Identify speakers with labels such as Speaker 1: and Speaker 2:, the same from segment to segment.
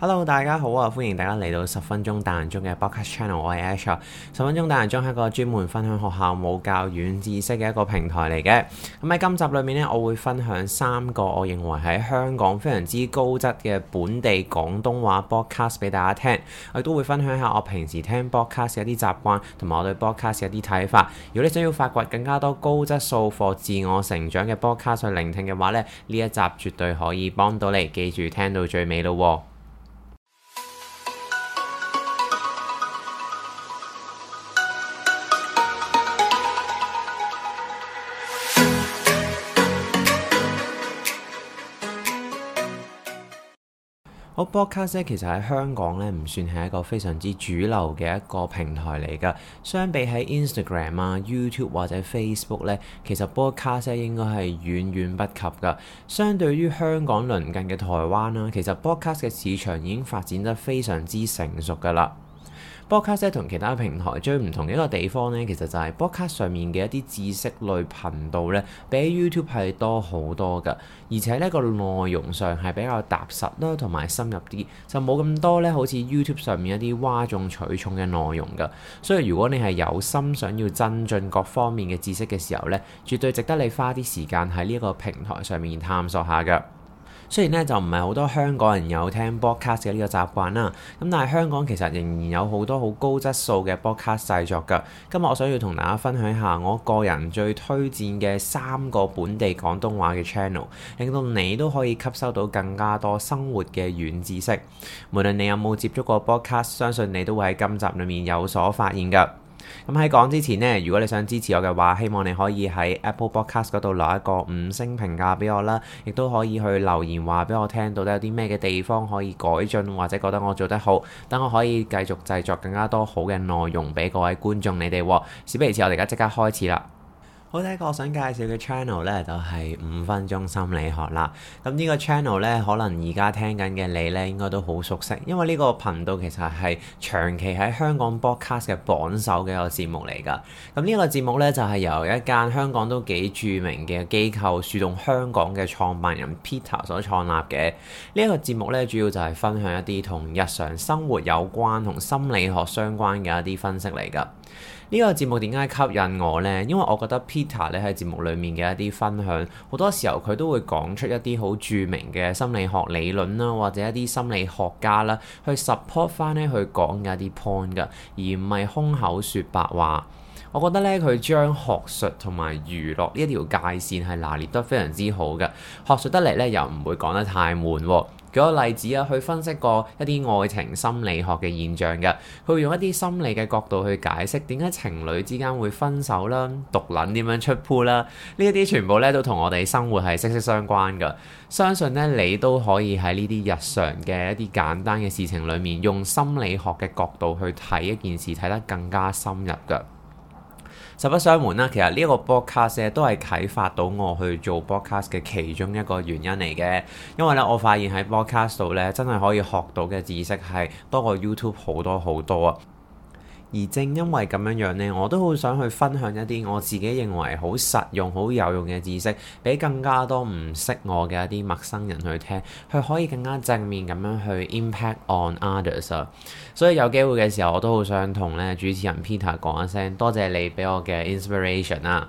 Speaker 1: Hello，大家好啊！歡迎大家嚟到十分鐘大人中嘅 Podcast Channel。我係 Ash。十分鐘大人中係一個專門分享學校、冇教軟知識嘅一個平台嚟嘅。咁、嗯、喺今集裏面呢，我會分享三個我認為喺香港非常之高質嘅本地廣東話 Podcast 俾大家聽。我亦都會分享下我平時聽 Podcast 嘅一啲習慣，同埋我對 Podcast 嘅一啲睇法。如果你想要發掘更加多高質素或自我成長嘅 Podcast 聆聽嘅話呢，呢一集絕對可以幫到你。記住聽到最尾咯。我 Podcast 其實喺香港咧，唔算係一個非常之主流嘅一個平台嚟噶。相比喺 Instagram 啊、YouTube 或者 Facebook 咧，其實 Podcast 應該係遠遠不及噶。相對於香港鄰近嘅台灣啦，其實 Podcast 嘅市場已經發展得非常之成熟㗎啦。播客上同其他平台最唔同嘅一個地方呢，其實就係播客上面嘅一啲知識類頻道呢，比 YouTube 係多好多噶，而且呢，這個內容上係比較踏實啦，同埋深入啲，就冇咁多呢好似 YouTube 上面一啲嘩眾取寵嘅內容噶。所以如果你係有心想要增進各方面嘅知識嘅時候呢，絕對值得你花啲時間喺呢一個平台上面探索下噶。雖然咧就唔係好多香港人有聽 podcast 嘅呢個習慣啦，咁但係香港其實仍然有好多好高質素嘅 podcast 製作嘅。今日我想要同大家分享下我個人最推薦嘅三個本地廣東話嘅 channel，令到你都可以吸收到更加多生活嘅軟知識。無論你有冇接觸過 podcast，相信你都會喺今集裡面有所發現㗎。咁喺講之前呢，如果你想支持我嘅話，希望你可以喺 Apple Podcast 度留一個五星評價俾我啦，亦都可以去留言話俾我聽，到底有啲咩嘅地方可以改進，或者覺得我做得好，等我可以繼續製作更加多好嘅內容俾各位觀眾你哋。事不宜遲，我哋而家即刻開始啦。好，第一個我想介紹嘅 channel 咧，就係、是、五分鐘心理學啦。咁呢個 channel 咧，可能而家聽緊嘅你咧，應該都好熟悉，因為呢個頻道其實係長期喺香港 podcast 嘅榜首嘅一個節目嚟噶。咁呢個節目咧，就係、是、由一間香港都幾著名嘅機構樹洞香港嘅創辦人 Peter 所創立嘅。呢、這、一個節目咧，主要就係分享一啲同日常生活有關、同心理學相關嘅一啲分析嚟噶。呢個節目點解吸引我呢？因為我覺得 Peter 咧，喺節目裡面嘅一啲分享，好多時候佢都會講出一啲好著名嘅心理學理論啦，或者一啲心理學家啦去 support 翻呢去講嘅一啲 point 㗎，而唔係空口説白話。我覺得呢，佢將學術同埋娛樂呢一條界線係拿捏得非常之好嘅，學術得嚟呢，又唔會講得太悶喎、哦。舉個例子啊，去分析過一啲愛情心理學嘅現象嘅，佢會用一啲心理嘅角度去解釋點解情侶之間會分手啦、毒撚點樣出 pool 啦，呢一啲全部咧都同我哋生活係息息相關噶。相信呢，你都可以喺呢啲日常嘅一啲簡單嘅事情裡面，用心理學嘅角度去睇一件事，睇得更加深入噶。實不相瞞啦，其實呢一個 podcast 都係啟發到我去做 podcast 嘅其中一個原因嚟嘅，因為咧，我發現喺 podcast 度咧，真係可以學到嘅知識係多過 YouTube 好多好多啊！而正因為咁樣樣呢，我都好想去分享一啲我自己認為好實用、好有用嘅知識，俾更加多唔識我嘅一啲陌生人去聽，佢可以更加正面咁樣去 impact on others 啊！所以有機會嘅時候，我都好想同咧主持人 Peter 講一聲，多謝你俾我嘅 inspiration 啊！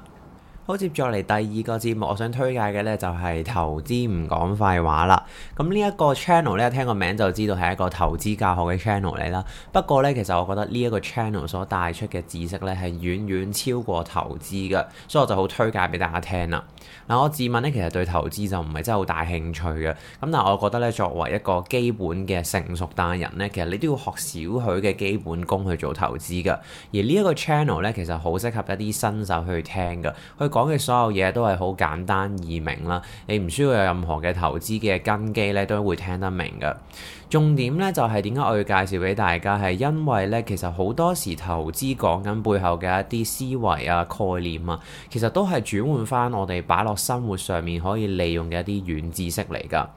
Speaker 1: 好，接再嚟，第二個節目我想推介嘅呢就係投資唔講廢話啦。咁呢一個 channel 呢，聽個名就知道係一個投資教學嘅 channel 嚟啦。不過呢，其實我覺得呢一個 channel 所帶出嘅知識呢，係遠遠超過投資噶，所以我就好推介俾大家聽啦。嗱，我自問呢，其實對投資就唔係真係好大興趣嘅。咁但係我覺得呢，作為一個基本嘅成熟大人呢，其實你都要學少許嘅基本功去做投資噶。而呢一個 channel 呢，其實好適合一啲新手去聽噶，講嘅所有嘢都係好簡單易明啦，你唔需要有任何嘅投資嘅根基咧，都會聽得明㗎。重點咧就係點解我要介紹俾大家，係因為咧其實好多時投資講緊背後嘅一啲思維啊、概念啊，其實都係轉換返我哋擺落生活上面可以利用嘅一啲軟知識嚟㗎。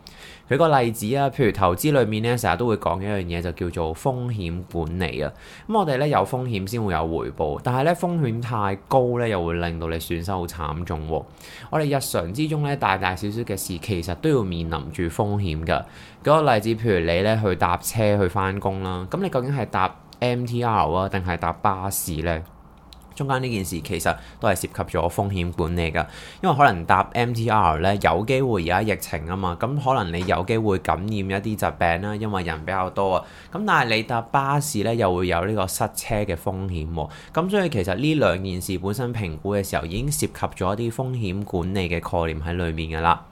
Speaker 1: 舉個例子啊，譬如投資裏面咧，成日都會講一樣嘢，就叫做風險管理啊。咁我哋咧有風險先會有回報，但係咧風險太高咧，又會令到你損失好慘重。我哋日常之中咧，大大小小嘅事其實都要面臨住風險㗎。舉個例子，譬如你咧去搭車去返工啦，咁你究竟係搭 MTR 啊，定係搭巴士咧？中間呢件事其實都係涉及咗風險管理㗎，因為可能搭 MTR 咧有機會而家疫情啊嘛，咁可能你有機會感染一啲疾病啦，因為人比較多啊。咁但係你搭巴士咧又會有呢個塞車嘅風險喎，咁、嗯、所以其實呢兩件事本身評估嘅時候已經涉及咗一啲風險管理嘅概念喺裡面㗎啦。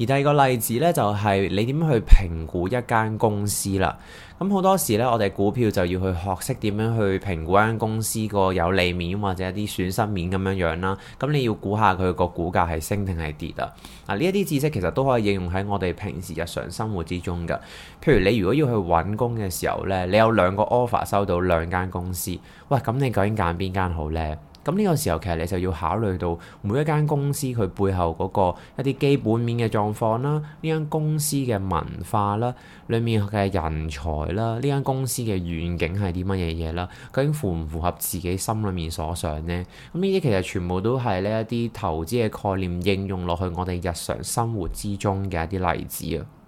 Speaker 1: 而第二個例子咧，就係你點樣去評估一間公司啦？咁好多時咧，我哋股票就要去學識點樣去評估間公司個有利面或者一啲損失面咁樣樣啦。咁你要估下佢個股價係升定係跌啊？啊，呢一啲知識其實都可以應用喺我哋平時日常生活之中噶。譬如你如果要去揾工嘅時候咧，你有兩個 offer 收到兩間公司，喂，咁你究竟揀邊間好呢？咁呢個時候，其實你就要考慮到每一間公司佢背後嗰個一啲基本面嘅狀況啦，呢間公司嘅文化啦，裏面嘅人才啦，呢間公司嘅願景係啲乜嘢嘢啦，究竟符唔符合自己心裏面所想呢？咁呢啲其實全部都係呢一啲投資嘅概念應用落去我哋日常生活之中嘅一啲例子啊。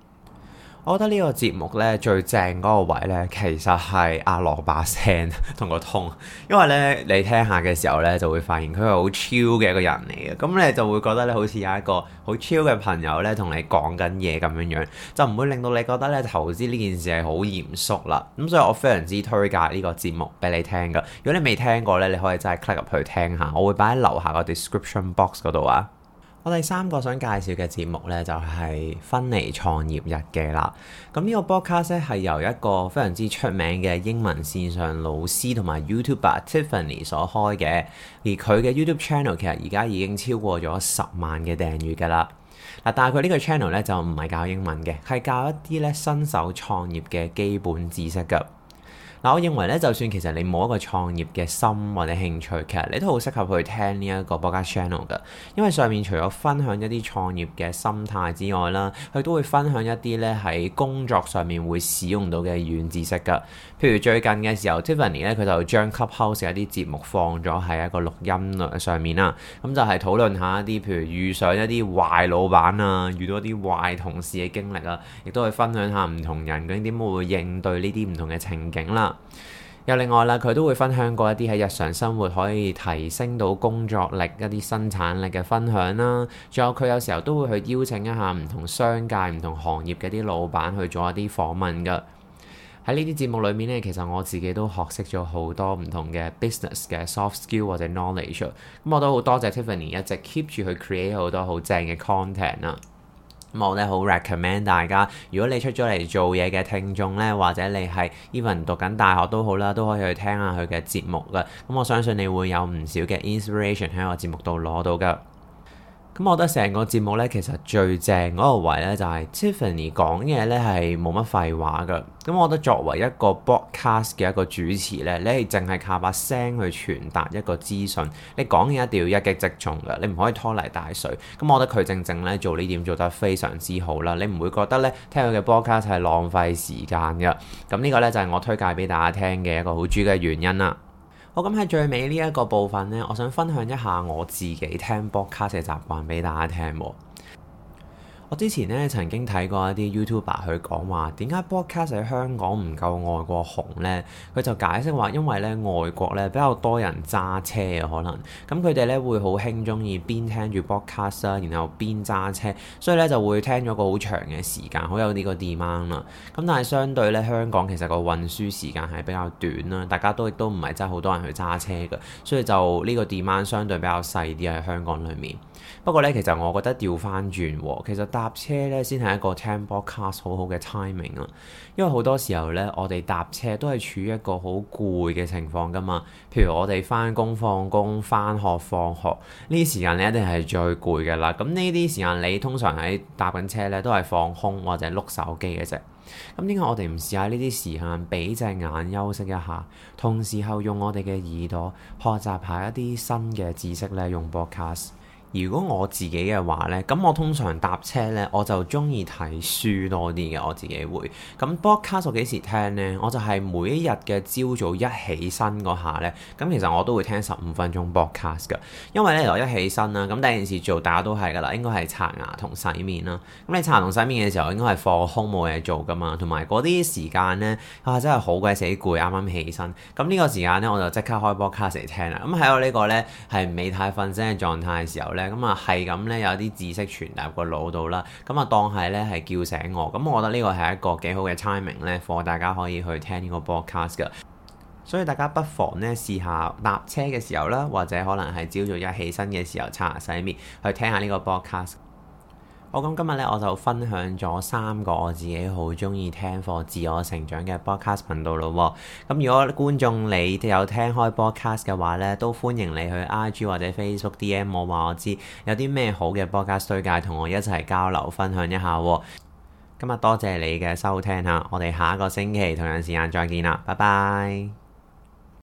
Speaker 1: 我覺得個節呢個節目咧最正嗰個位咧，其實係阿羅把聲同個通，因為咧你聽下嘅時候咧，就會發現佢係好 chill 嘅一個人嚟嘅，咁你就會覺得咧好似有一個好 chill 嘅朋友咧同你講緊嘢咁樣樣，就唔會令到你覺得咧投資呢件事係好嚴肅啦。咁所以我非常之推介呢個節目俾你聽噶。如果你未聽過咧，你可以真係 click 入去聽下，我會擺喺樓下個 description box 嗰度啊。我第三個想介紹嘅節目咧，就係、是《芬尼創業日記》啦。咁呢個 podcast 係由一個非常之出名嘅英文線上老師同埋 YouTuber Tiffany 所開嘅，而佢嘅 YouTube channel 其實而家已經超過咗十萬嘅訂閱噶啦。嗱，但係佢呢個 channel 咧就唔係教英文嘅，係教一啲咧新手創業嘅基本知識㗎。嗱，我認為咧，就算其實你冇一個創業嘅心或者興趣，其實你都好適合去聽呢一個播客 channel 嘅，因為上面除咗分享一啲創業嘅心態之外啦，佢都會分享一啲咧喺工作上面會使用到嘅軟知識嘅，譬如最近嘅時候，Tiffany 咧佢就將 Clubhouse 一啲節目放咗喺一個錄音上面啦，咁就係討論下一啲譬如遇上一啲壞老闆啊，遇到一啲壞同事嘅經歷啊，亦都去分享下唔同人究竟點樣會應對呢啲唔同嘅情景啦。又另外啦，佢都會分享過一啲喺日常生活可以提升到工作力一啲生產力嘅分享啦。仲有佢有時候都會去邀請一下唔同商界、唔同行業嘅啲老闆去做一啲訪問噶。喺呢啲節目裏面呢，其實我自己都學識咗好多唔同嘅 business 嘅 soft skill 或者 knowledge。咁，嗯，我都好多謝 Tiffany 一直 keep 住去 create 好多好正嘅 content 啦。咁我咧好 recommend 大家，如果你出咗嚟做嘢嘅聽眾咧，或者你係 even 讀緊大學都好啦，都可以去聽下佢嘅節目㗎。咁我相信你會有唔少嘅 inspiration 喺我節目度攞到㗎。咁我覺得成個節目咧，其實最正嗰個位咧就係 Tiffany 講嘢咧係冇乜廢話嘅。咁我覺得作為一個 broadcast 嘅一個主持咧，你係淨係靠把聲去傳達一個資訊，你講嘢一定要一擊即中嘅，你唔可以拖泥帶水。咁我覺得佢正正咧做呢點做得非常之好啦。你唔會覺得咧聽佢嘅 broadcast 係浪費時間嘅。咁呢個咧就係我推介俾大家聽嘅一個好主要嘅原因啦。我咁喺最尾呢一個部分咧，我想分享一下我自己聽播客嘅習慣俾大家聽喎。我之前咧曾經睇過一啲 YouTuber 佢講話點解 Podcast 喺香港唔夠外國紅呢？佢就解釋話因為咧外國咧比較多人揸車啊，可能，咁佢哋咧會好興鍾意邊聽住 Podcast 啦，然後邊揸車，所以咧就會聽咗個好長嘅時間，好有呢個 demand 啦。咁但係相對咧香港其實個運輸時間係比較短啦，大家都亦都唔係真係好多人去揸車嘅，所以就呢個 demand 相對比較細啲喺香港裏面。不過咧其實我覺得調返轉，其實搭車咧，先係一個聽播 cast 好好嘅 timing 啊！因為好多時候咧，我哋搭車都係處於一個好攰嘅情況噶嘛。譬如我哋翻工、放工、翻學、放學呢啲時間，你一定係最攰噶啦。咁呢啲時間，你通常喺搭緊車咧，都係放空或者碌手機嘅啫。咁點解我哋唔試下呢啲時間，俾隻眼休息一下，同時候用我哋嘅耳朵學習下一啲新嘅知識咧？用播 cast 如果我自己嘅話咧，咁我通常搭車咧，我就中意睇書多啲嘅，我自己會，咁 podcast 幾時聽咧？我就係每一日嘅朝早一起身嗰下咧，咁其實我都會聽十五分鐘 podcast 噶。因為咧，由一起身啦，咁第一件事做大家都係噶啦，應該係刷牙同洗面啦。咁你刷牙同洗面嘅時候，應該係放空冇嘢做噶嘛，同埋嗰啲時間咧，啊真係好鬼死攰，啱啱起身。咁呢個時間咧，我就即刻開 podcast 嚟聽啦。咁喺我呢個咧係未太瞓醒嘅狀態嘅時候咧。咁啊，係咁咧， 嗯、有啲知識傳入個腦度啦。咁啊，當係咧係叫醒我。咁我覺得呢個係一個幾好嘅 timing 咧，等大家可以去聽呢個 podcast 嘅。所以大家不妨咧試下搭車嘅時候啦，或者可能係朝早一起身嘅時候刷牙洗面，去聽下呢個 podcast。我咁今日咧，我就分享咗三個我自己好中意聽課、自我成長嘅 podcast 頻道咯。咁如果觀眾你有聽開 podcast 嘅話咧，都歡迎你去 IG 或者 Facebook DM 我話我知有啲咩好嘅 podcast 推介，同我一齊交流分享一下。今日多謝你嘅收聽嚇，我哋下一個星期同樣時間再見啦，拜拜。